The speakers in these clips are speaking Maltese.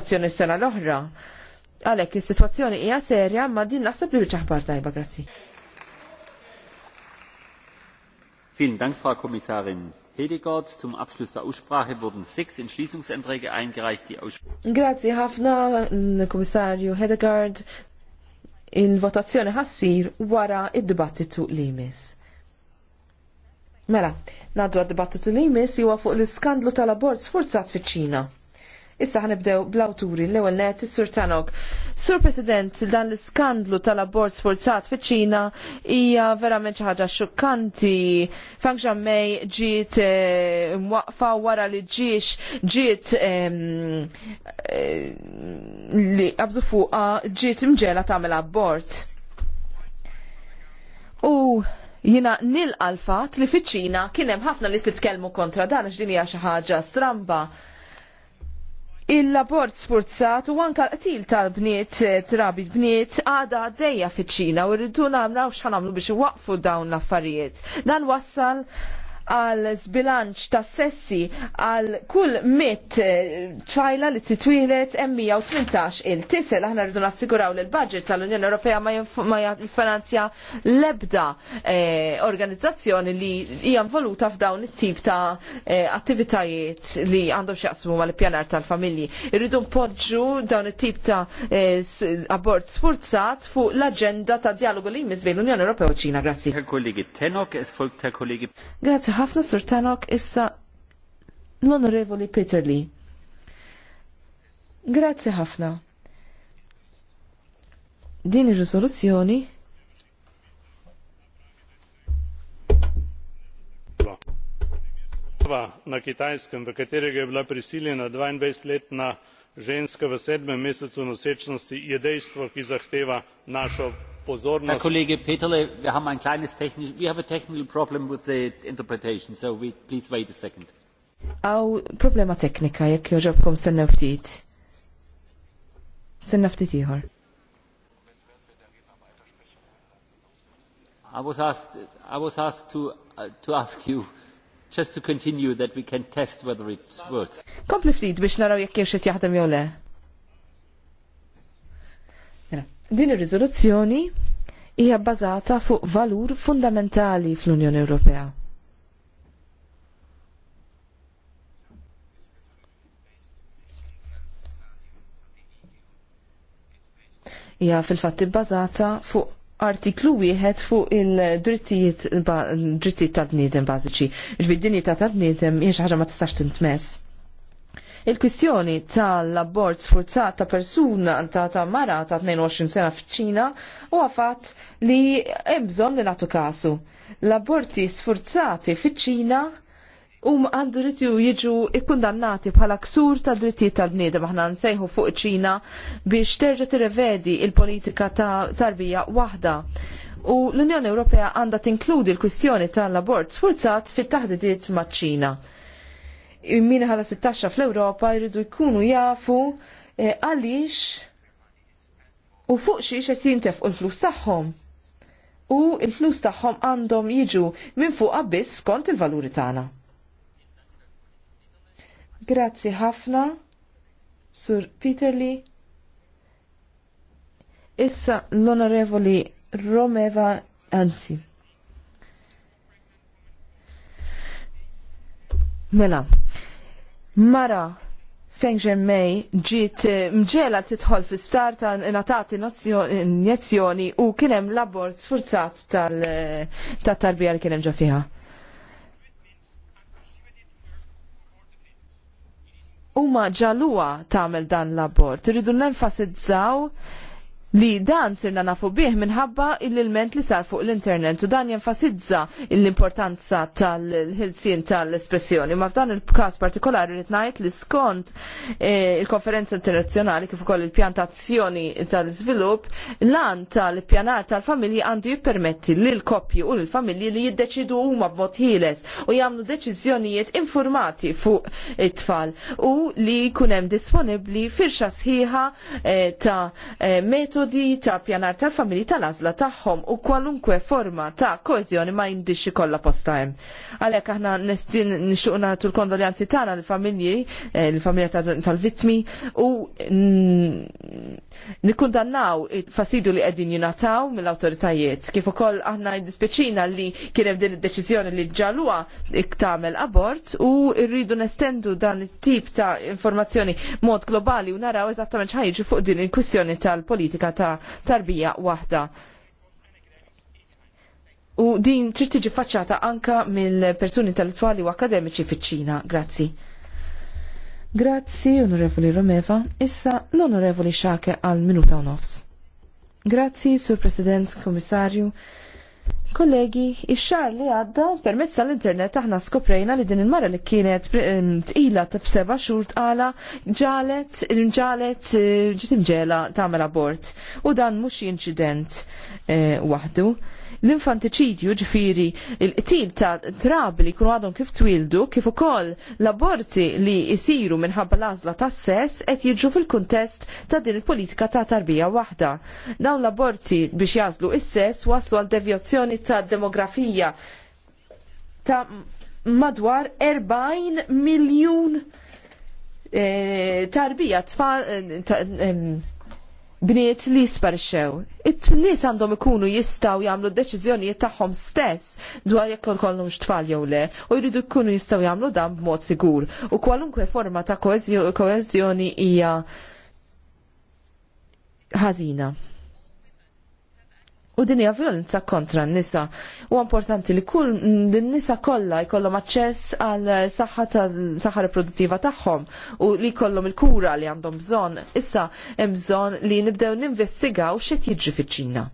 azzjoni s-sena l-oħra. Għalek, il-situazzjoni hija serja, ma din naħseb li bieċaħbar tajba, grazzi. Vielen Dank, Frau Kommissarin Hedegaard. Zum Abschluss der Aussprache wurden sechs Entschließungsanträge eingereicht. Die Grazie ħafna, Kommissarju Hedegaard. Il-votazzjoni ħassir wara id-dibattitu li jmiss. Mela, naddu għad-dibattitu li jmiss huwa fuq l skandlu tal-abort sforzat fi ċina Issa ħanibdew bl-awturi l-ewwel net is-Sur Tanok. Sur President, dan l-iskandlu tal-abort sforzat fiċ-Ċina hija verament xi ħaġa xukkanti. Fang Mei ġiet eh, mwaqfa wara li ġiex ġiet eh, li qabżu fuqha ġiet imġela tagħmel abort. U jina nil l li fiċ-Ċina kien hemm ħafna li li tkellmu kontra dan għax din hija xi ħaġa stramba Il-labort sforzat u anka l-qtil tal-bniet, eh, trabi bniet, għada għaddejja fiċ-ċina u rridu namraw xħanamlu biex waqfu dawn l-affarijiet. Dan wassal għal zbilanċ ta' sessi għal kull mit ċajla eh, li titwilet tmintax il-tifel. Aħna rridu nassiguraw li l-budget tal-Unjoni Ewropea ma jiffinanzja l-ebda eh, organizzazzjoni li hija voluta f'dawn it-tip ta' eh, attivitajiet li għandhom x'jaqsmu mal-pjanar tal-familji. Irridu mpoġġu dawn it-tip ta' abort sfurzat fuq l agenda ta' dialogu li jmiss bejn l-Unjoni Ewropea u ċina. Grazie ħafna Sur Tanok issa l-Onorevoli Peterli. Grazzi ħafna. Din ir-risoluzzjoni na kitajskem v katerega je bila prisiljena dvaindvajset letna ženska v sedmem mesecu nosečnosti je dejstvo ki zahteva našo Herr Kollege Peterle, wir haben ein kleines technisch, we have a technical problem with the interpretation, so we, please wait a second. Aw problema teknika jekk joġobkom stenna ftit. Stenna ftit ieħor. I was asked, I was asked to, uh, to ask you just to continue that we can test whether it works. Kompli ftit biex naraw jekk jiex jaħdem jew le. Din ir-riżoluzzjoni hija bbażata fuq valur fundamentali fl-Unjoni Ewropea. hija fil-fatt ibbażata fuq artiklu wieħed fuq il-drittijiet drittijiet tal-bniedem bażiċi. Ġbid dinjità tal-bniedem hija xi ħaġa ma tistax tintmess. Il-kwistjoni tal abort sfurzat ta' persuna ta' ta' mara ta' 22 sena f'ċina u għafat li ebżon li natu kasu. L-aborti sfurzati f'ċina u għandu rritu jiġu ikkundannati bħala ksur ta' drittijiet tal-bniedem maħna nsejħu fuq ċina biex terġa' tirrevedi il-politika ta' tarbija waħda. U l-Unjoni Ewropea għandha tinkludi l-kwistjoni tal-abort sfurzat fit-taħdidiet maċ-Ċina min ħala 16 fl-Ewropa jridu jkunu jafu eh, għaliex u fuq xiex qed jintefqu l-flus tagħhom. U l-flus tagħhom għandhom jiġu minn fuq biss skont il-valuri tagħna. Grazzi ħafna, Sur Peterli. Issa l-Onorevoli Romeva Anzi. Mela, mara Feng ġemmej ġiet eh, mġela titħol fi sptar ta' natati injezzjoni u kienem l-abort sfurzat tal-tarbija eh, li kienem ġo fiha. Uma ġalua tagħmel dan l-abort, iridu nenfasizzaw li dan sirna nafu bih minħabba il-ilment li sar fuq l-internet u dan jenfasizza l-importanza tal-ħilsien tal-espressjoni. Ma f'dan il-kas partikolari rritnajt li skont eh, il-konferenza internazzjonali kif ukoll il-pjantazzjoni tal svilup lan tal-pjanar tal-familji għandu jippermetti l koppju u l-familji li jiddeċidu huma b'mod ħieles u jagħmlu deċiżjonijiet informati fuq it-tfal u li kunem disponibli firxa sħiħa eh, ta' eh, metodu metodi ta' pjanar ta' familji tal-azla tagħhom u kwalunkwe forma ta' koezjoni ma jindixi kolla posta hemm. Għalhekk aħna nestin nixuq nagħtu l-kondoljanzi tagħna l familji eh, l-familja tal-vittmi u nikkundannaw il fasidu li qegħdin jingħataw mill-awtoritajiet. Kif ukoll aħna jiddispiċina li kien hemm din id-deċiżjoni li ġalua tagħmel abort u rridu nestendu dan it-tip ta' informazzjoni mod globali u naraw eżattament x'ħajġi fuq din il kwissjoni tal-politika ta' tarbija waħda. U din trid tiġi faċċata anka mill-persuni intellettwali u akademiċi fiċ-Ċina. Grazzi. Grazzi, Onorevoli Romeva. Issa l-Onorevoli Xake għal minuta u nofs. Grazzi, Sur President, Komissarju. Kollegi, ix-xar li għadda permezz tal-internet aħna skoprejna li din il-mara li kienet eh, tqila ta' b'seba' xhur tqala ġalet ġalet eh, ġiet imġela tagħmel abort. U dan mhux inċident eh, waħdu l-infantiċidju ġifiri il-qtil ta' trabi li kunu għadhom kif twildu, kif ukoll l-aborti li jisiru minħabba l-għażla ta' sess qed jiġu fil-kuntest ta' din il-politika ta' tarbija waħda. Dawn l-aborti biex jażlu is-sess waslu għal devjazzjoni ta' demografija ta' madwar 40 miljun eh, tarbija tfal eh, ta, bniet li sparxew. It-tnis għandhom ikunu jistaw jamlu d tagħhom stess dwar jekk kollhom x'tfal jew le, u jridu jkunu jistaw jamlu dan b'mod sigur. U kwalunkwe forma ta' koeżjoni hija ħażina. U din hija violenza kontra n-nisa. U importanti li kull n-nisa kollha jkollhom aċċess għal saħħa tal-saħħa riproduttiva tagħhom u li jkollhom il-kura li għandhom bżonn. Issa hemm bżonn li nibdew ninvestigaw x'qed jiġri fiċ-Ċina.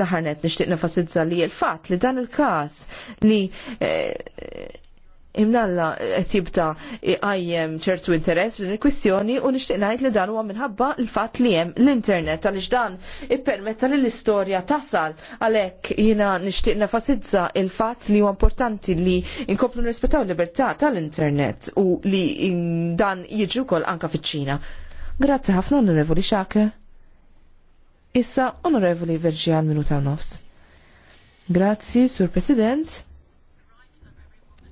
L-aħarnet nixtieq nefasizza li l-fatt li dan il-każ li eh, imnalla qed eh, jibda għajjem ċertu interess din il-kwistjoni u nixtieq ngħid li dan huwa minħabba l-fatt li hemm l-internet għaliex dan ippermetta li l-istorja tasal għalhekk jiena nixtieq nefasizza il-fatt li huwa importanti li inkomplu nirrispettaw l-libertà tal-internet u li dan jiġi wkoll anke fiċ-Ċina. Grazzi ħafna Onorevoli Xake. Issa Onorevoli Verġian Minuta Nofs. Grazzi, Sur President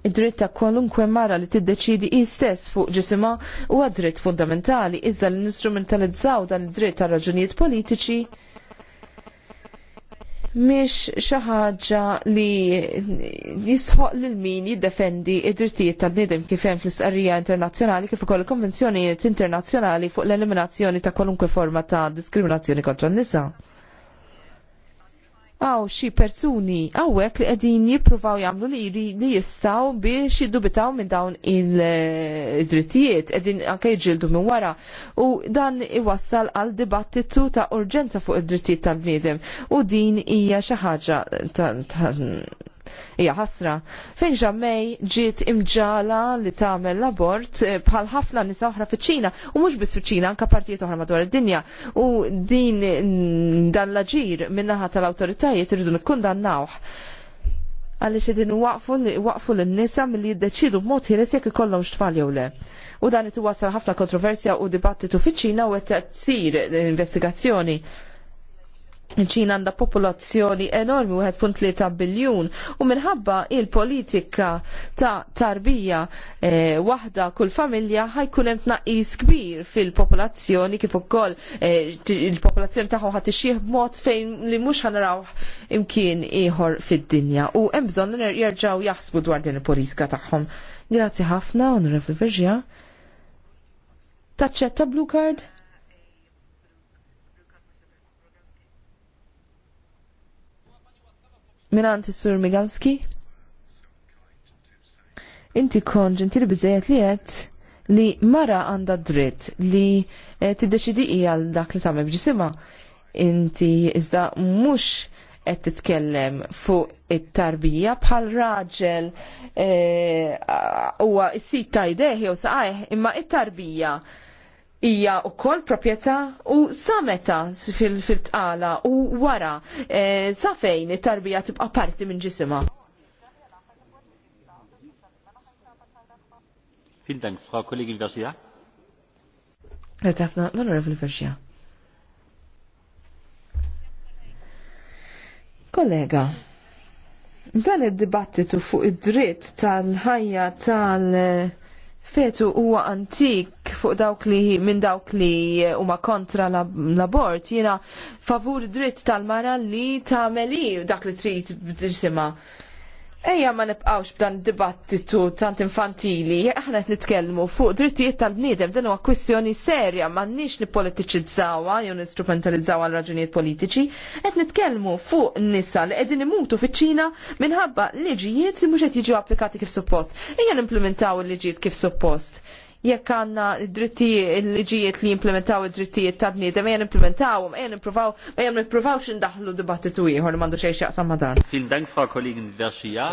id-dritt ta' kwalunkwe mara li tiddeċidi istess fuq ġisima huwa dritt fundamentali iżda li ninstrumentalizzaw dan id-dritt ta' raġunijiet politiċi miex xi ħaġa li jistħoq lil min jiddefendi id-drittijiet tal-bniedem kif hemm fl-istqarrija internazzjonali kif ukoll konvenzjonijiet internazzjonali fuq l-eliminazzjoni ta' kwalunkwe forma ta' diskriminazzjoni kontra n-nisa għaw xi persuni għawek li għedin jipruvaw jamlu li li jistaw biex jiddubitaw minn dawn il-drittijiet, għedin anke jġildu minn wara. U dan iwassal għal dibattitu ta' urġenza fuq id-drittijiet tal-bniedem. U din hija xi ħaġa hija ħasra. Fejn ġammej ġiet imġala li tagħmel l-abort eh, bħal ħafna nisa oħra fiċina, ċina u mhux biss fiċina ċina anke partijiet oħra madwar id-dinja u din mm, dan l-aġir min-naħa tal-awtoritajiet irridu nikkundannawh għaliex din waqfu l-nisa milli jiddeċidu b'mod ħieles jekk ikollhom x'tfal jew le u dan it ħafna kontroversja u dibattitu fiċ-Ċina u qed tsir investigazzjoni. Il-ċina għandha popolazzjoni enormi 1.3 biljun u minħabba il-politika ta' tarbija eh, waħda kull familja ħajkun hemm tnaqqis kbir fil-popolazzjoni kif ukoll eh, il-popolazzjoni tagħhom ħadd ixjih b'mod fejn li mhux ħanaraw imkien ieħor fid-dinja u hemm bżonn jerġgħu jaħsbu dwar din il-politika tagħhom. Grazzi ħafna, Onorevoli Verġja. Taċċetta Blue Card? Minant is-Sur Migalski. Inti kon ġentili biżejjed li qed li mara għandha dritt li eh, tiddeċidi hija dak li tagħmel b'ġisimha. Inti iżda mhux qed titkellem fuq it-tarbija bħal raġel eh, huwa s-sit ta' u saqajh imma it-tarbija ija u kol propieta u sameta fil-tqala u wara e, sa it-tarbija tibqa' parti minn ġisima. Vielen Dank, kollegi Kollegin Versia. Għetafna, l fil Versia. Kollega, dan id-dibattitu fuq id-dritt tal-ħajja tal-, -ħajja tal fetu huwa antik fuq dawk li minn dawk li huma kontra l-abort jiena favur dritt tal-mara li tagħmel dak li trid tirsimha. Ejja ma nibqawx b'dan dibattitu tant infantili, aħna qed nitkellmu fuq drittijiet tal-bniedem dan huwa kwistjoni serja m'għandniex nippolitiċizzawha jew ninstrumentalizzawha għal raġunijiet politiċi, qed nitkellmu fuq nisa li qegħdin imutu fiċ-Ċina minħabba liġijiet li mhux qed jiġu applikati kif suppost. Ejja nimplementaw il-liġijiet kif suppost jekk għandna drittijiet il-liġijiet li jimplementaw id-drittijiet ta' bniedem ejja nimplementawhom, ejja nippruvaw, ejja nippruvawx indaħlu dibattitu ieħor li m'għandu xejn x'jaqsam ma' dan. Fil Dank fa' Kollegin Verxija.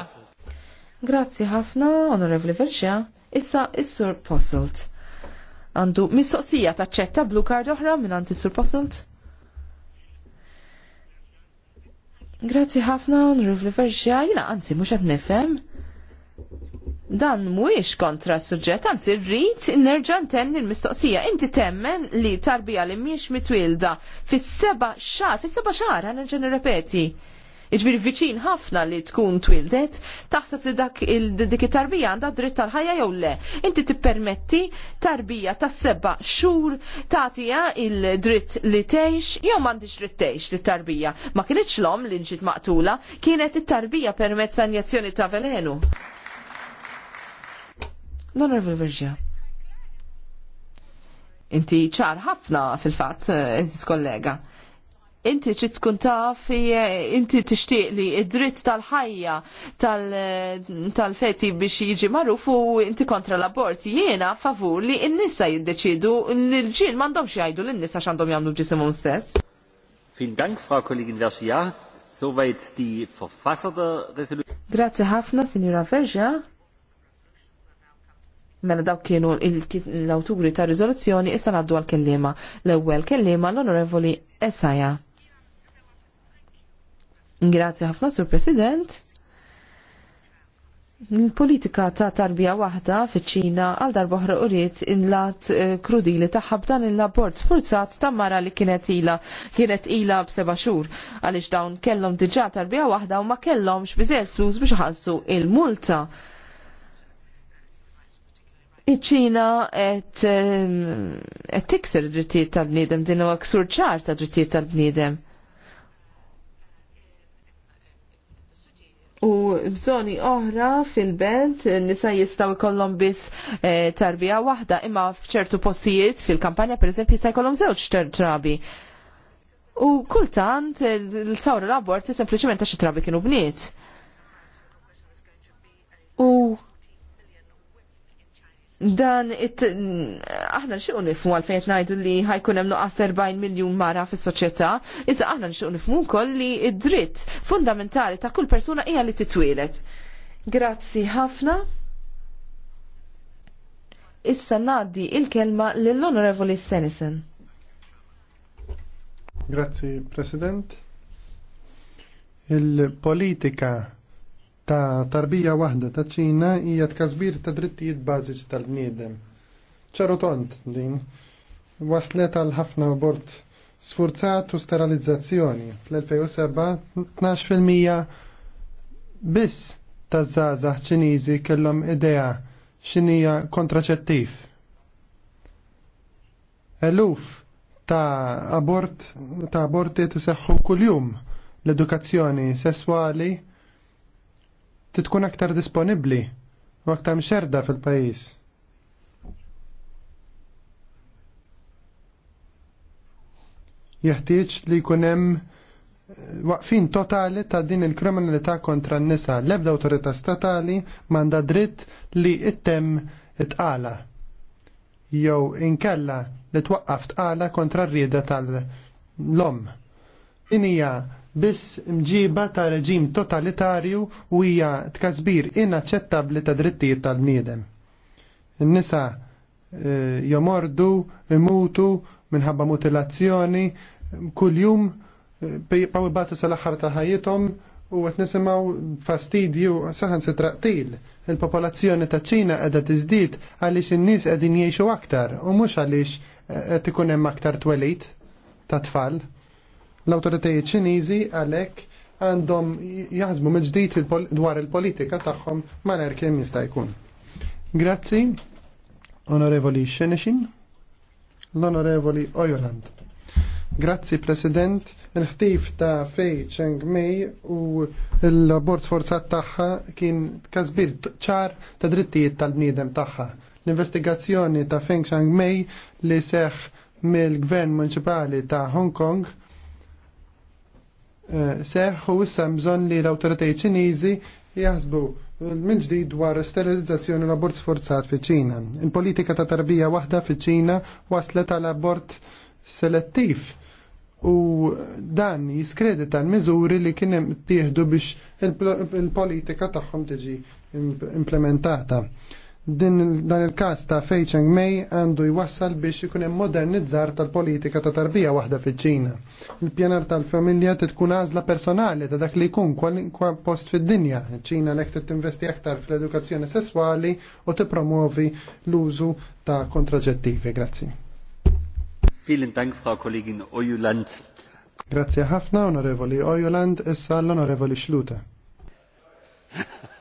Grazzi ħafna, onorevli Verxija. Issa is-Sur Posselt. Għandu mistoqsija taċċetta blu card oħra minn għanti Sur Posselt? Grazzi ħafna, onorevli Verxija. Jina anzi mhux qed nifhem dan mhuwiex kontra s-suġġett, anzi rrid nerġa' ntenni l-mistoqsija. Inti temmen li tarbija li mhijiex mitwilda fis-seba' xahar, fis-seba' xahar nerġa' nirrepeti. Iġbir viċin ħafna li tkun twildet, taħseb li dak dik it-tarbija għandha dritt tal-ħajja jew le. Inti tippermetti tarbija ta' seba xhur tagħtiha il-dritt li tgħix jew m'għandix dritt tgħix li tarbija Ma kienitx l-om li nġit maqtula, kienet it-tarbija permezz sanjazzjoni ta' velenu. L-Onorevole Virgia. Inti ċar ħafna fil-fatt, eżis kollega. Inti ċi tkun taf inti tixtieq li id-dritt tal-ħajja tal-feti biex jiġi magħruf u inti kontra l-abort. Jiena favur li n-nisa jiddeċidu l-ġil m'għandhomx jgħidu l-nisa x'għandhom jagħmlu ġisimum stess. Vielen Dank, Frau Kollegin Garcia. Soweit die Verfasser der Resolution. Grazie ħafna, Signora Vergia. Mela dawk kienu l-awturi ta' rizoluzzjoni issa naddu għal-kellima. L-ewwel kellima l-Onorevoli Esaja. Grazzi ħafna, Sur President. Il-politika ta' tarbija waħda fiċ-Ċina għal darba oħra uriet inlat eh, krudili ta' ħabdan il-labort sfurzat ta' mara li kienet ila kienet ila b'seba' xhur għaliex dawn kellhom diġà tarbija waħda u ma kellhomx biżejjed flus biex ħassu il-multa. il multa iċ-ċina ehm, qed tikser drittijiet tal-bniedem din huwa ksur ċar ta' drittijiet tal-bniedem. U bżoni oħra fil-belt, nisa jistaw ikollhom biss eh, tarbija waħda, imma f'ċertu postijiet fil-kampanja eżempju, jista' jkollhom żewġ trabi. U kultant l-sawra l-abort sempliċement ta' xi trabi kienu bniet. dan it aħna nxuq nifmu għalfejn ngħidu li ħajkun hemm nuqqas 40 miljun mara fis-soċjetà, iżda aħna nxuq nifmu wkoll li id-dritt fundamentali ta' kull persuna hija li titwielet. Grazzi ħafna. Issa ngħaddi il-kelma lill-Onorevoli Senison. Grazzi, President. Il-politika ta' tarbija waħda ta' ċina hija tkasbir ta' drittijiet bażiċi tal-bniedem. ċarotont din waslet għal ħafna abort sfurzat u sterilizzazzjoni. Fl-2007 12% biss ta' zazah Ċiniżi kellhom idea x'inhija kontraċettiv. Eluf ta' abort ta' aborti tiseħħu kuljum l-edukazzjoni sesswali titkun aktar disponibbli u aktar mxerda fil-pajjiż. Jeħtieġ li jkun hemm eh, waqfin totali ta' din il-kriminalità kontra n-nisa. L-ebda autorità statali manda dritt li ittem tqala. Jew inkella li twaqqaf tqala kontra r-rieda tal-lom. Din hija biss mġiba ta' reġim totalitarju u hija tkasbir inaċċettabbli ta' drittijiet tal-bniedem. In-nisa eh, jomordu, imutu minħabba mutilazzjoni, kuljum eh, paw sal-aħħar ta' ħajjithom u għet nisimaw fastidju saħan sitraqtil. Il-popolazzjoni ta' ċina għedha tiżdied għaliex in-nies qegħdin jgħixu aktar u mhux għaliex eh, qed ikun hemm aktar twelid ta' tfal. L-autoritajiet ċiniżi għalhekk għandhom jazmu mill-ġdid dwar il-politika tagħhom malar kemm jista' jkun. Grazzi, Onorevoli Xenexin, l-Onorevoli Ojoland. Grazzi President, il-ħtif ta' Fej Cheng Mei u l bord forzat tagħha kien kazbir ċar ta' drittijiet tal-bniedem tagħha. L-investigazzjoni ta' Feng Cheng Mei li seħ mill-Gvern Municipali ta' Hong Kong seħħu issa bżonn li l-awtoritajiet Ċiniżi jaħsbu minn ġdid dwar sterilizzazzjoni l abort sforzat fi ċina. Il-politika ta' tarbija waħda fi ċina waslet għal abort selettiv u dan jiskredita l-miżuri li kienem tieħdu biex il-politika tagħhom tiġi implementata din dan il-kas ta' Fei Cheng Mei għandu jwassal biex ikun hemm modernizzar tal-politika ta' tarbija waħda fiċ-Ċina. Il-pjanar tal-familja tkun għażla personali ta' dak li jkun kwa post fid-dinja. Ċina lek tinvesti aktar fl-edukazzjoni sessuali u tippromovi l-użu ta' kontraġettivi. Grazzi. Vielen Dank, Frau Kollegin Ojuland. Grazzi ħafna, onorevoli Ojuland, issa l-onorevoli Schlute.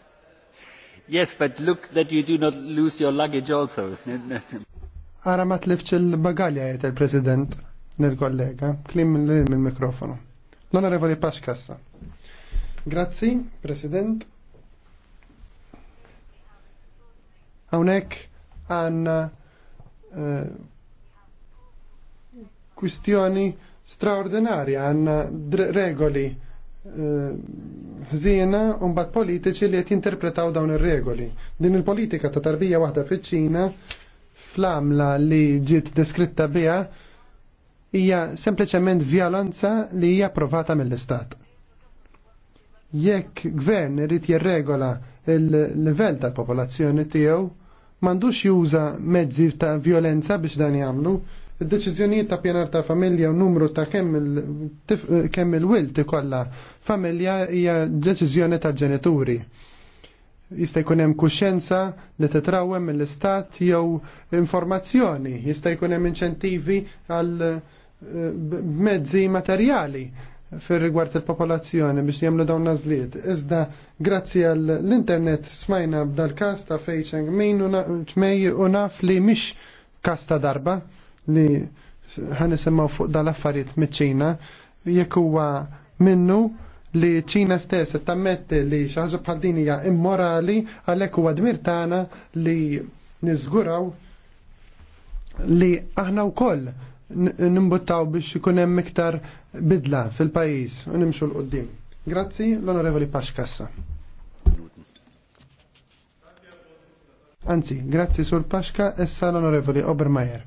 Yes, but look that you do not lose your luggage also. Ara ma tlifx il-bagalja jgħid il-President nil-kollega. Klim mill-mikrofonu. L-Onorevoli Paxkassa. Grazzi, President. Għonek għandna eh, kwistjoni straordinarja, għandna regoli Eh, ħżiena u mbagħad politiċi li qed jinterpretaw dawn ir-regoli. Din il-politika ta' tarbija waħda fiċ-Ċina fl-għamla li ġiet deskritta biha hija sempliċement vjolanza li hija approvata mill-Istat. Jekk gvern irid jirregola il-livell tal-popolazzjoni tiegħu, m'għandux juża mezzi ta' vjolenza biex dan jagħmlu, Id-deċiżjonijiet ta' pjanar ta' familja u numru ta' kemm il-wilt ikollha familja hija deċiżjoni ta' ġenituri jista' jkun hemm kuxjenza li titrawem mill-istat jew informazzjoni, jista' jkun hemm inċentivi għal eh, mezzi materjali fir rigward il-popolazzjoni biex jagħmlu dawn nażliet. Iżda grazzi għall internet smajna b'dal każ ta' Fei Min u naf li mhix kasta ta' darba li ħan semmaw fuq dal-affarijiet miċ-Ċina jekk huwa minnu li ċina stess tammetti li xi ħaġa bħal din hija immorali għalhekk huwa dmir tagħna li niżguraw li aħna wkoll nimbuttaw biex ikun hemm iktar bidla fil-pajjiż u nimxu l qudiem Grazzi l-Onorevoli Paxkassa. Anzi, grazzi sur Paxka issa l-Onorevoli Obermajer.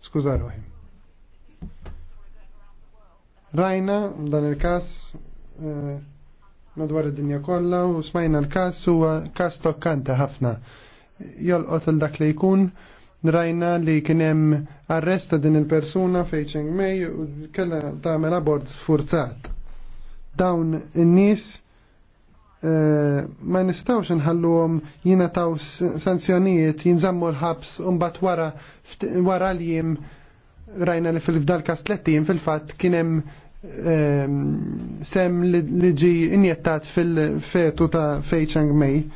Skuża ruħi. Rajna dan il-kas eh, madwar id-dinja kollha u smajna l-kas huwa kas tokkanta ħafna. Jolqot il dak li jkun rajna li kien hemm arresta din il-persuna fejn Chiang Mei u kellha tagħmel abort forzat. Dawn in-nies Eh, ma nistawx jina taw sanzjonijiet jinżammu l-ħabs u wara wara li jim rajna li fil-fdal jim fil-fatt kien hemm ehm, sem li ġi injettat fil-fetu ta' Fei Chang Mei.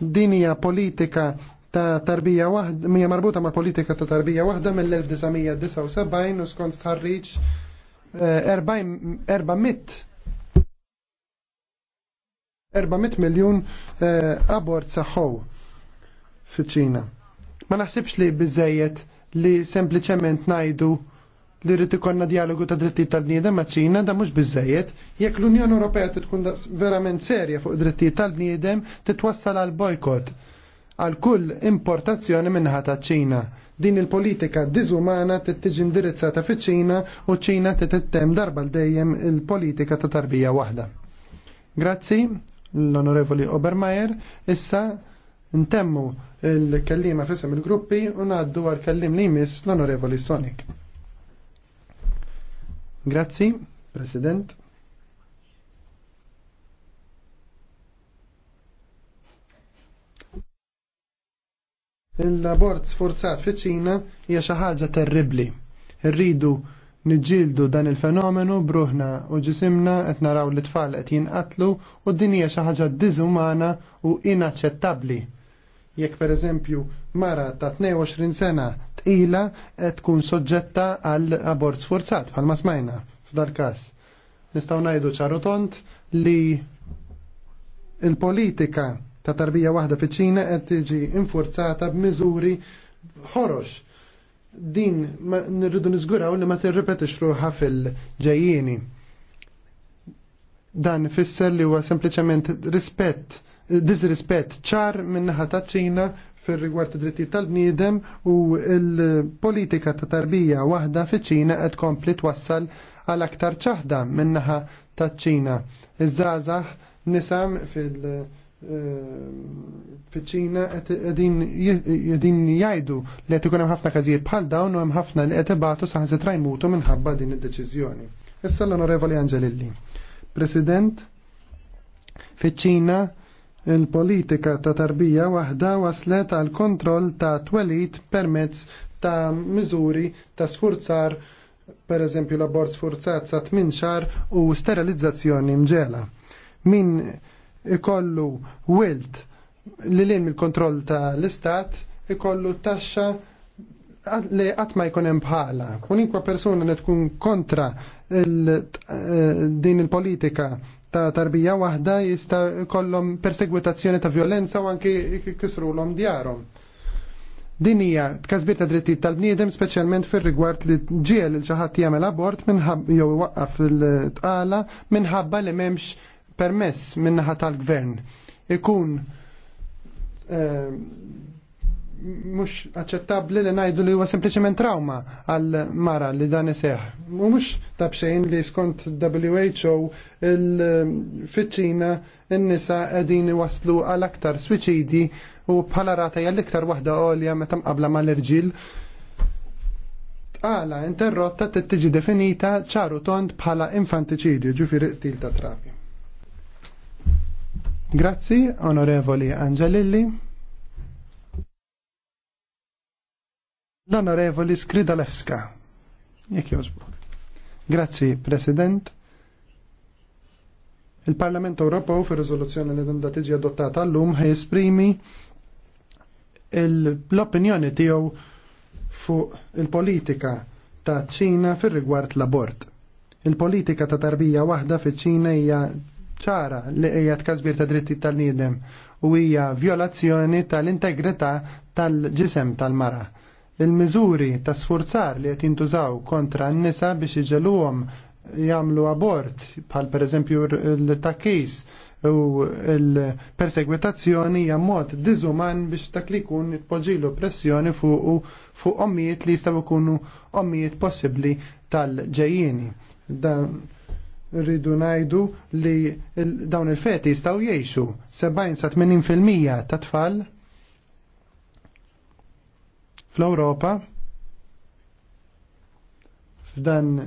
Din hija politika ta' tarbija waħda, mija marbuta ma' politika ta' tarbija waħda mill-1979 u skont tħarriġ 400 eh, 400 miljon eh, abort saħħow fiċ-Ċina. Ma naħsibx li bizzejiet li sempliċement najdu li rrid ikollna dialogu ta' drittijiet tal-bniedem ma' ċina da mhux bizzejiet, jekk l-Unjoni Ewropea tkun verament serja fuq drittijiet tal-bniedem titwassal għal bojkot għal kull importazzjoni minnaħa ta' ċina. Din il-politika diżumana tittiġi indirizzata fiċ ċina u ċina tittem darba l dejjem il-politika ta' tarbija waħda. Grazzi, l-Onorevoli Obermeier, issa ntemmu il-kellima fissem il-gruppi u għal-kellim li jmiss l-Onorevoli Sonic. Grazzi, President. Il-abort sforzat fiċina hija xi ħaġa terribli. Irridu niġġieldu dan il-fenomenu bruħna u ġisimna qed naraw li tfal qed jinqatlu u din hija xi ħaġa diżumana u inaċċettabbli. Jekk pereżempju mara ta' 22 sena tqila qed tkun soġġetta għal abort sforzat bħalma smajna f'dal każ. Nistgħu ngħidu ċarotont li il-politika ta' tarbija waħda fiċ-Ċina qed tiġi infurzata b'miżuri ħorox din nirridu niżguraw li ma tirripetix ruħha fil ġajjini Dan fisser li huwa sempliċement rispett, disrispett ċar min-naħa ta' ċina fir rigward dritti drittijiet tal-bniedem u l-politika ta' tarbija waħda fiċ-Ċina qed kompli twassal għal aktar ċaħda min-naħa ta' ċina. iż żazax nisam fil- fiċina għedin jajdu li għet ikun ħafna kazijiet bħal dawn u hemm ħafna li qed ibatu saħansi jmutu minħabba din id-deċiżjoni. Issa l-Onorevoli Angelilli. President, fiċina il-politika ta' tarbija waħda waslet għal kontroll ta' twelit permezz ta' miżuri ta' sfurzar per eżempju l-abort sfurzat sa' 8 xar u sterilizzazzjoni mġela. Min ikollu wilt li lin mill-kontroll ta' l-istat ikollu taxxa li qatt ma jkun hemm bħala. Uninkwa persuna li tkun kontra din il-politika ta' tarbija waħda jista' jkollhom persegwitazzjoni ta' violenza u anki kisrulhom djarhom. Din hija tkasbir ta' dritti tal-bniedem speċjalment fir-rigward li ġiel il ħadd jagħmel abort minħabba jew waqqaf il-tqala minħabba li m'hemmx permess minnaħa tal-gvern ikun eh, mux aċċettabli li najdu li huwa sempliċement trauma għal mara li dan iseħ. U mux tabxejn li skont WHO il-fiċċina n-nisa qegħdin waslu għal aktar suicidi u bħala rata hija l-iktar waħda għolja meta mqabla mal irġil Għala, interrotta t-tiġi definita ċaru tont bħala infanticidju ġufi qtil ta' trapi. Grazzi, onorevoli Angelilli. L-onorevoli Skridalewska. Jek jożbuk. Grazzi, President. Il-Parlament Ewropew fir riżoluzzjoni li danda tiġi adottata llum ħaj esprimi l-opinjoni tiegħu fuq il-politika ta' Ċina fir rigward l-abort. Il-politika ta' tarbija waħda fiċ-Ċina hija ċara li hija tkasbir ta' dritti tal-niedem u hija violazzjoni tal-integrità tal-ġisem tal-mara. Il-miżuri ta' sfurzar li qed jintużaw kontra n-nisa biex iġeluhom jagħmlu abort bħal pereżempju l-takkis u l-persegwitazzjoni hija mod diżuman biex dak li jkun ipoġġilu pressjoni fuq fuq ommijiet li jistgħu jkunu ommijiet possibbli tal-ġejjieni. Dan rridu najdu li dawn il-feti jistaw jiexu 70 sa 80% ta' tfal fl-Europa f'dan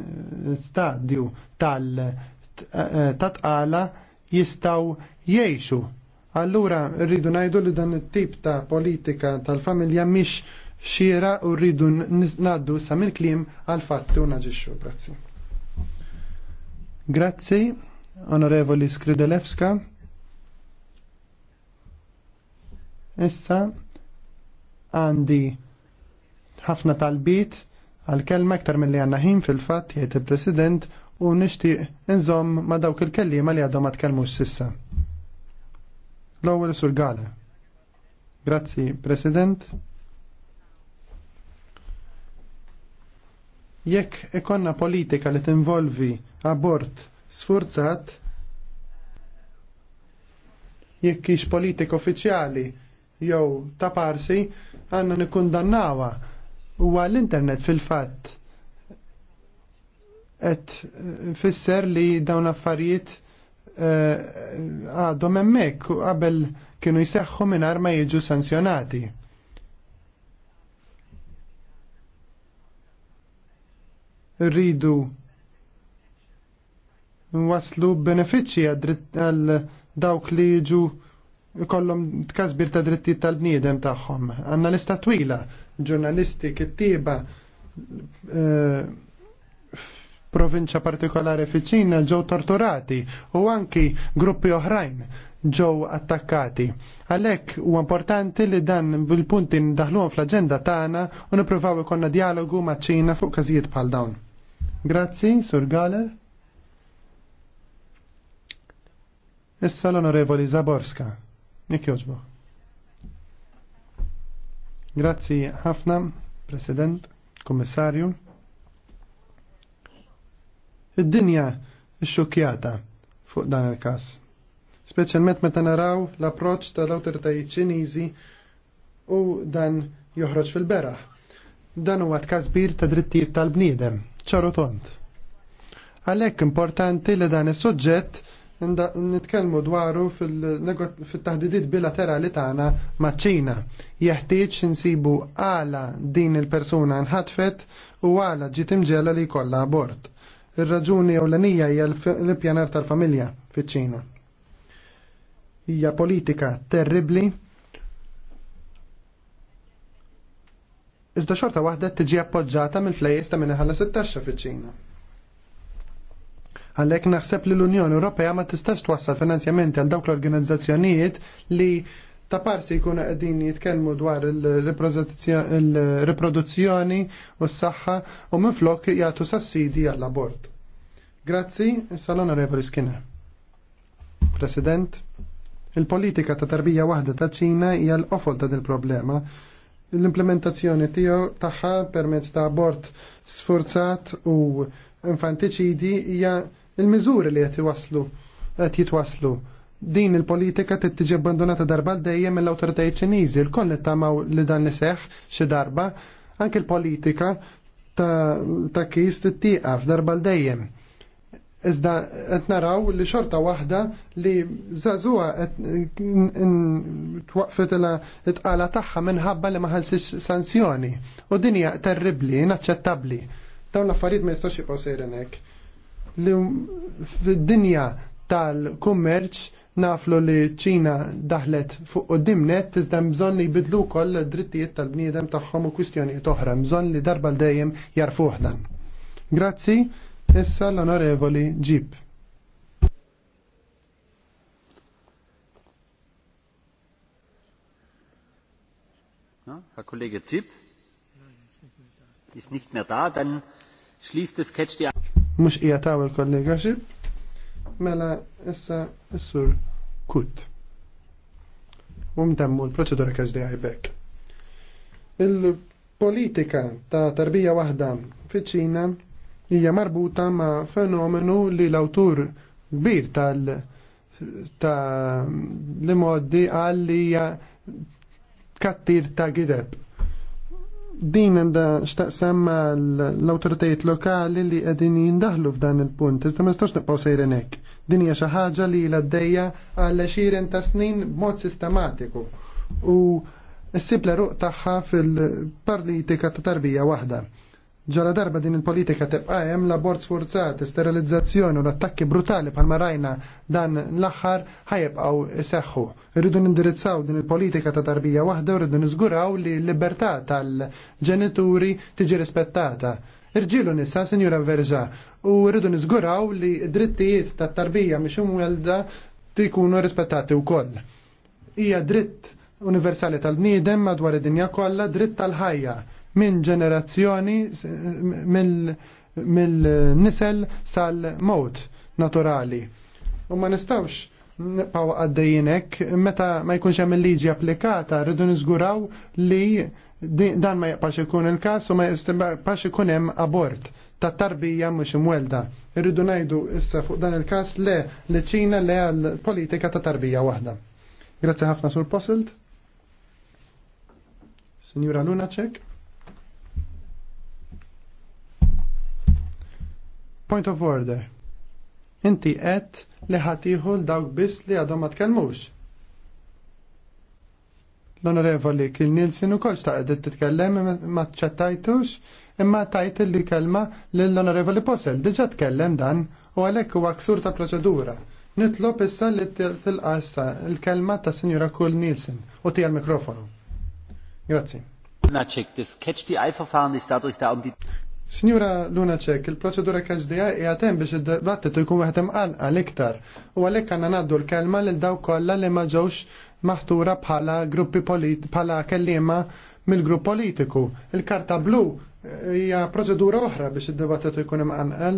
stadju tal-tatqala jistaw jiexu. Allura rridu najdu li dan it-tip ta' politika tal-familja mhix xira u rridu naddu sa mill-kliem għal fatti u naġixxu. Grazzi. Grazzi, onorevoli Skridelewska. Issa għandi ħafna talbit għal-kelma ktar mill-li għanna ħin fil-fat jgħet il-President u nishtiq nżomm ma dawk il-kellima li għadhom ma tkellmux sissa. L-ewwel sur Gale. Grazzi, President. Jekk ikonna politika li tinvolvi abort sfurzat, jekk ix politika uffiċjali jew ta' parsi, għanna nikkundannawha. U għall-internet fil-fatt qed eh, fisser li dawn affarijiet eh, għadhom hemmhekk qabel kienu jseħħu mingħajr ma jiġu sanzjonati. rridu waslu benefiċċji għal dawk li jiġu kollom tkazbir ta' dritti tal-bniedem tagħhom. Għanna lista twila, ġurnalisti, kittiba, eh, provinċa partikolari fiċina ġew torturati u anki gruppi oħrajn ġew attakkati. Għalhekk huwa importanti li dan bil-punti ndaħluhom fl-aġenda tagħna u nippruvaw ikollna dialogu maċ-Ċina fuq każijiet bħal dawn. Grazzi, Sur Galer. Issa l-Onorevoli Zaborska. Nik joġbo. Grazzi ħafna, President, Kommissarju. Id-dinja xokjata fuq dan il-kas. Speċjalment meta naraw l-approċċ tal-awtoritajiet Ċiniżi u dan joħroġ fil-beraħ. Dan huwa tkażbir ta' drittijiet tal-bniedem ċarotont. Għalek Għalhekk importanti li dan is-suġġett nitkellmu dwaru fil-taħdidiet bilaterali tagħna maċ-Ċina. Jeħtieġ insibu għala din il-persuna nħatfet u għala ġiet imġela li jkollha abort. Ir-raġuni ewlenija hija l pjanar tal-familja fiċ-Ċina. Hija politika terribli iżda xorta waħda tiġi appoġġata mill-flejjes ta' minn ħalla 16 fiċ-Ċina. Għalhekk naħseb li l-Unjoni Ewropea ma tistax twassal finanzjamenti għal dawk l-organizzazzjonijiet li ta' parsi jkunu qegħdin jitkellmu dwar il-riproduzzjoni u s-saħħa u minflok jagħtu sassidi għall-abort. Grazzi, sal-Onorevoli Skinner. President, il-politika ta' tarbija waħda ta' Ċina hija l-qofol ta' dil-problema l-implementazzjoni tiegħu tagħha permezz ta' abort sforzat u infantiċidi hija il-miżuri li qed iwaslu qed jitwaslu. Din il-politika trid tiġi abbandonata darba dejjem mill-awtoritajiet Ċiniżi, Lkoll koll nittamaw li dan iseħħ xi darba, anke l-politika ta' kis tittieqa f'darba dejjem Iżda qed naraw li xorta waħda li żagħżuha qed twaqfet il tqala tagħha minħabba li ma ħalsix sanzjoni. U din hija terribbli, inaċċettabbli. Dawn l-affarijiet ma jistax jibqgħu sejrin hekk. Li fid-dinja tal-kummerċ naflu li ċina daħlet fuq qudiemnet iżda bżonn li jbidlu wkoll drittijiet tal-bniedem tagħhom u kwistjonijiet oħra, bżonn li darba l dejjem jarfuh dan. Grazzi. Issa l-onorevoli ġib. Herr Kollege Zip ist nicht mehr da, dann schließt das Catch die Mux kollega xib, mela issa s-sur Kut. Umdemmu l-proċedura Catch the Il-politika ta' tarbija wahda fiċina hija marbuta ma' fenomenu li l-awtur kbir tal ta' li moddi għal kattir ta' gideb. Din għanda xtaqsam l-autoritajiet lokali li għedin jindahlu f'dan il-punt, iżda ma stoċna pa' sejrenek. Din hija xi ħaġa li l-għaddejja għal xiren ta' snin b'mod sistematiku u s-sibla ruq tagħha fil-parlitika ta' tarbija waħda. Ġara darba din il-politika tibqa hemm l-abort sforzat, sterilizzazzjoni u l-attakki brutali bħalma rajna dan l-aħħar ħajibqgħu iseħħu. Irridu nindirizzaw din il-politika ta' tarbija waħda u rridu niżguraw li l-libertà tal-ġenituri tiġi rispettata. Irġilu nisa, Sinjura Verġa, u rridu niżguraw li d-drittijiet tat-tarbija mhux imwelda tikunu rispettati wkoll. Hija dritt universali tal-bniedem madwar id-dinja kollha, dritt tal-ħajja minn ġenerazzjoni mill-nisel sal-mod naturali. U ma nistawx paw għaddejjinek, meta ma jkunx hemm il-liġi applikata, rridu niżguraw li dan ma jaqpax ikun il-każ u ma jaqbax ikun hemm abort ta' tarbija mhux imwelda. Irridu ngħidu issa fuq dan il-każ le li ċina le għal politika ta' tarbija waħda. Grazzi ħafna sur Posselt. Signora Lunacek. Point of order. Inti qed li ħatiħu l-dawk biss li għadhom ma tkellmux. L-onorevoli Kil Nielsen ukoll xtaqed titkellem ma ċċattajtux imma tajt li kelma lill-onorevoli Posel. Diġà tkellem dan u għalhekk huwa ksur ta' proċedura. Nitlob issa li tilqa issa l-kelma ta' Sinjura Kul Nielsen u tija l-mikrofonu. Grazzi. das catch dadurch da um die Signora Luna Cek, il-proċedura KSDA hija e għatem biex id-dibattitu jkun għan għal iktar u għalhekk għandna ngħaddu l-kelma lil daw kollha li ma ġewx maħtura bħala gruppi politi, bħala kelliema mill-grupp politiku. Il-karta blu eh, hija proċedura oħra biex id-dibattitu jkun imqanqal.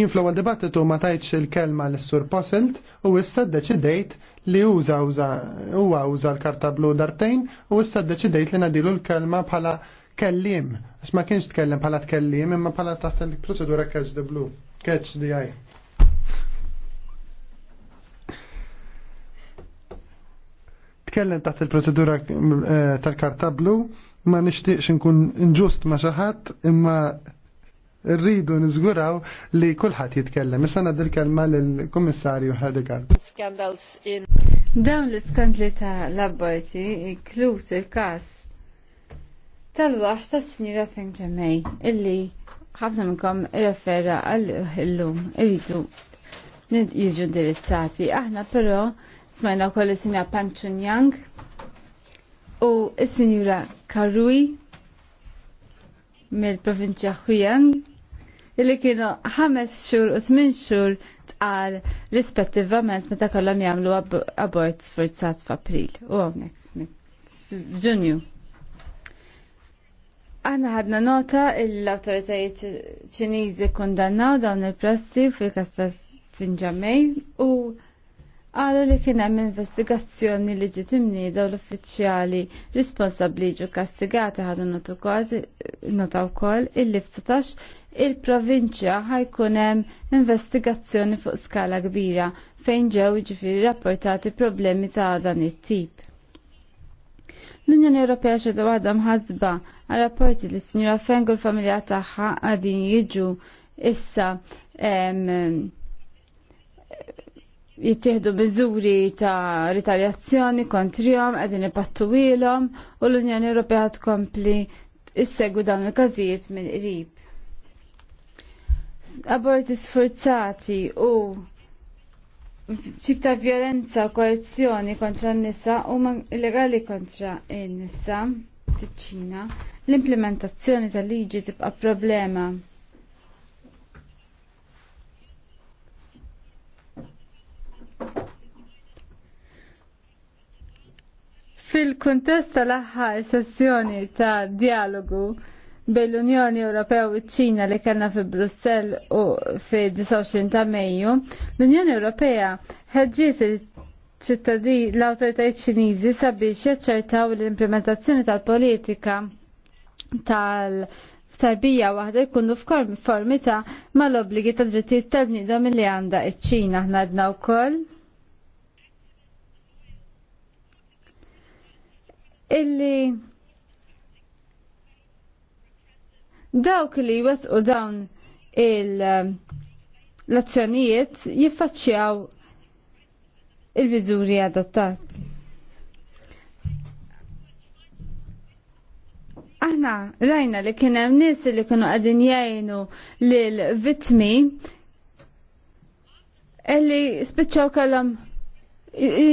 Jinflu għal-dibattitu ma tajtx il-kelma l-sur Posselt u issa ddeċidejt li uża uża l-karta blu dartejn u issa ddeċidejt li nadilu l-kelma bħala kellim, għax ma kienx tkellem bħala tkellim imma bħala taħt il-proċedura catch the blue, catch the eye. Tkellem taħt il-proċedura eh, tal-karta blu, ma nixtieqx nkun inġust ma xi ħadd imma rridu nizguraw li kulħadd jitkellem. Issa nagħdi il kelma lill-Kummissarju Hedegard. Dawn l-iskandli ta' l inkluż il-każ tal-wax ta' Sinjura Fengġemej illi ħafna minnkom referra għall-lum irridu jiġu dirizzati. Aħna però smajna wkoll is Chun Yang u s sinjura Karui mill-provinċja Huyan illi kienu ħames xhur u tmin xhur tqal rispettivament meta kollhom jagħmlu abort sforzat f'April u hawnhekk f'Ġunju. Għanna ħadna nota l-autoritajiet ċiniżi kondannaw dawn il-prassi fil-kasta finġamej u għalu li kien hemm investigazzjoni li ġiet l-uffiċjali responsabbli ġu kastigati ħadu nota wkoll illi f'17 il-provinċja ħajkun hemm investigazzjoni fuq skala kbira fejn ġew ġifieri rapportati problemi ta' dan it-tip. L-Unjoni Ewropea xedha għadha mħazba għal rapporti li s-Sinjura Feng u l-familja tagħha għadin jiġu issa jittieħdu miżuri ta' ritaljazzjoni kontrihom qegħdin ipattuwilhom u l-Unjoni Ewropea tkompli issegwu dawn il-każijiet mill qrib. Aborti sforzati u ċib ta' violenza u koalizjoni kontra n-nisa u illegali kontra n-nisa fiċ-ċina, l-implementazzjoni tal-liġi tibqa' problema. Fil-kontest tal-aħħar sessjoni ta' dialogu bil-Unjoni Ewropew u ċ-Ċina li kellna fi Brussell u fi 29 ta' Mejju, l-Unjoni Ewropea ħeġġiet ċittadin l-autoritajiet ċiniżi sabiex jaċċertaw l-implementazzjoni tal-politika tal tarbija waħda jkunu f'konformità mal-obbligi ta' drittijiet tal-bniedem milli għandha iċ-Ċina aħna għadna wkoll. Illi dawk li u dawn um, l-azzjonijiet jiffaċċjaw il-miżuri adottat. Aħna rajna li kien hemm nies li kienu qegħdin jgħinu lil vittmi illi spiċċaw kellhom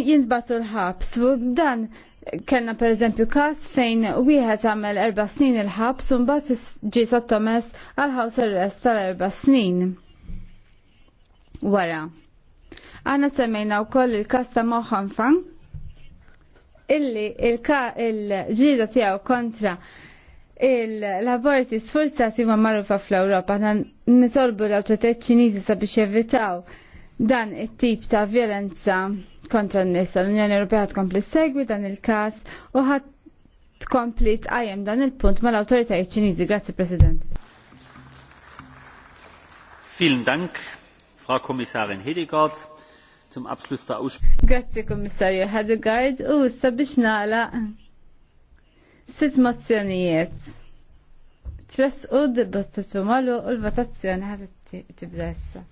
jintbatu l-ħabs u dan kellna per eżempju kas fejn wieħed għamel erba' snin il-ħabs u mbagħad ġie sottomess għal ħaws arrest tal-erba' snin. Wara. Aħna semmejna wkoll il-kas ta' Mohan Fang illi il ġieda tiegħu kontra il-laborti sforzati ma' magħrufa fl-Ewropa nitolbu l awtoritajiet Ċiniżi sabiex jevitaw dan it-tip ta' violenza kontra n-nisa. L-Unjoni Ewropea tkompli segwi dan il-każ u ħadd tkompli tqajjem dan il-punt mal-awtoritajiet Ċiniżi. Grazzi President. Vielen Dank, Frau Kommissarin Hedegaard. Zum Abschluss der Aussprache. Grazie, Kommissarju Hedegaard. U issa biex nagħlaq sitt mozzjonijiet. Tres u dibattatu malu u l-votazzjoni ħad tibda issa.